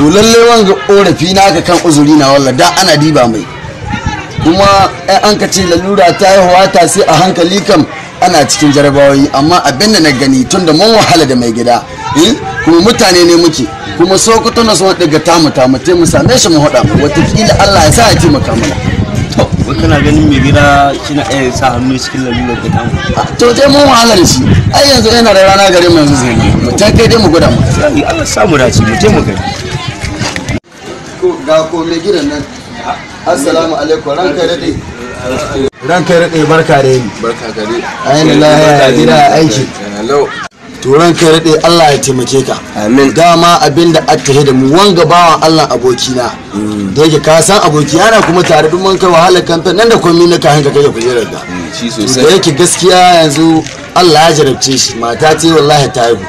to lallai wanga korafi naka kan uzuri na wallah da ana diba mai kuma an ka ce lalura ta yi ta sai a hankali kam ana cikin jarabawoyi amma abin da na gani tun da mun wahala da mai gida eh, kuma mutane ne muke kuma sokoto na sun daga tamu tamu te mu same shi mu hada mu watakila Allah ya sa ya taimaka mana to wai kana ganin mai gida kina iya sa hannu cikin lalura da tamu ah, to dai mun wahala da shi ai yanzu yana da rana gare mu yanzu zai mu ta kai dai mu gwada mu Allah samu dace mu je mu gani ga komai gidan nan assalamu alaikum ranka daɗe ranka daɗe barka da yi barka gare ainihin lahiya gida aiki Turan kai daɗe Allah ya taimake ka amin dama abinda attahe da mu wanga bawan Allah abokina hmm. da yake ka san aboki yana kuma tare duk mun kai wahalar kanta nan da komai na kayan ka kai kujerar hmm, da shi sosai da yake gaskiya yanzu Allah ya jarabce shi mata ce wallahi ta haihu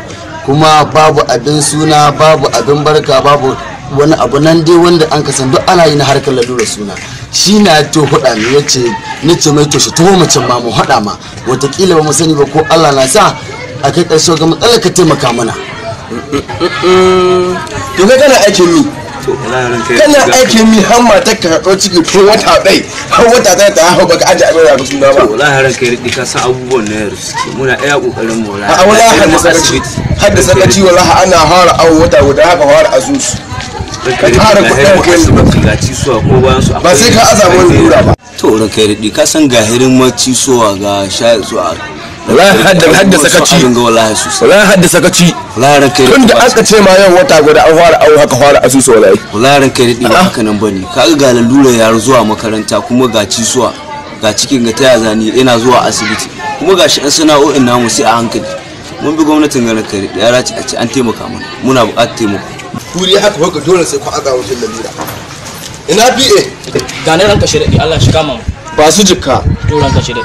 kuma babu abin suna babu abin barka babu wani abu nan dai wanda an kasan duk ana yi na harkar lalura suna shi na to huda ne yace ni ce mai to shi tuwo macen ma mu hada ma watakila ba mu sani ba ko Allah na sa a kai karshe ga matsala ka taimaka mana to kai kana aikin mi kana aikin mi har matar ka haɗo ciki tun wata ɗai har wata zai ta hau baka aji abin da suna ba wala har kai riɗi ka san abubuwan na yaro suke muna ɗaya ƙoƙarin mu wala a wala har da sakaci sakaci wala ana hara awo wata guda haka hara azusu ka tara kuɗin kai masallaci suwa ko bayan su ba sai ka azama wani lura ba to ran kai ridi ka san ga gahirin ci suwa ga sha suwa wallahi hadda hadda sakaci wallahi hadda sakaci wallahi ran kai tun da aka ce ma yau wata guda an fara au haka fara asusu wallahi wallahi ran kai ridi ba ah. haka nan bane ka ga lalura yar zuwa makaranta kuma ga ci suwa ga cikin ga taya zani ina zuwa asibiti kuma ga shi an sana'o'in namu sai a hankali mun bi gwamnatin garin kare yara ci a ci an taimaka mana muna buƙatar taimako turi haka haka dole sai ku aga wajen lalira ina ba ga ne ranka shirya Allah shi kama mu ba su jikka to ranka shirya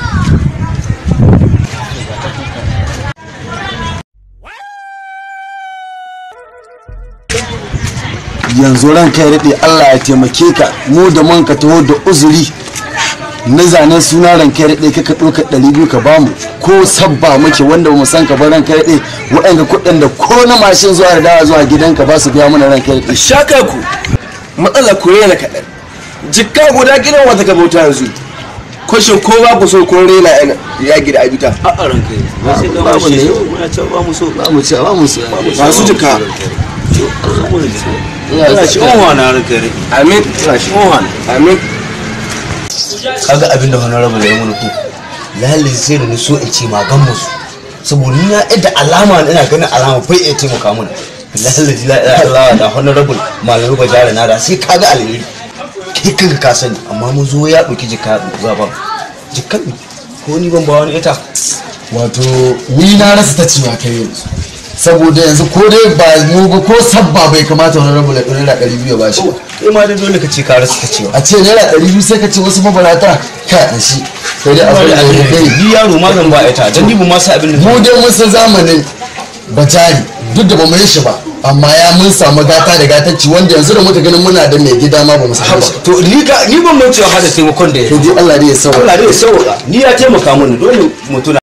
yanzu ranka ya rade Allah ya taimake ka mu da manka taho da uzuri na zanen suna ranka daɗe ka ɗauka ɗari biyu ka bamu ko sabba muke wanda mu san ka ba ranka ya daɗe waɗanda kuɗin da ko na mashin zuwa da dawa zuwa gidanka ba su biya mana ranka daɗe. shaka ku matsala ku rena kaɗan jikka guda gidan wata ka bauta yanzu kwashin ko ba ku so ko rena ya gida abita. a'a a ya sai ba shi ba mu so ba mu ba mu so ba su jikka. Allah shi ohana ranka amin. Allah shi ohana. amin. kaga abin da honorable ya mun ku lalle sai da so in ce magan musu saboda ni na da alama ina ganin alama bai iya taimaka mun lalle la Allah da honorable malam ba jare na da sai kaga alheri kai kanka ka sani amma mun zo ya dauki jika ba jikan ko ni ban ba wani ita wato ni na rasa ta ciwa kai yanzu saboda yanzu ko dai ba mu ba ko sabba bai kamata wani rabu naira ɗari biyu ba shi ba. Kai ma dai dole ka ce ka rasa ka ce A ce naira ɗari biyu sai ka ce wasu mabarata ka a shi. Sai dai abin da ya kai. Ni yaro ma zan ba ita dan ni ba ma sa abin da. Mu dai mun san zamanin bajari duk da ba mu yi shi ba. amma ya mun samu gata da gatacci wanda yanzu da muka ganin muna da mai gida ma ba mu samu shi to ni ka ni ban mun cewa hada taimakon da ya to dai Allah ne ya sauka Allah ne ya sauka ni ya taimaka mun dole mutuna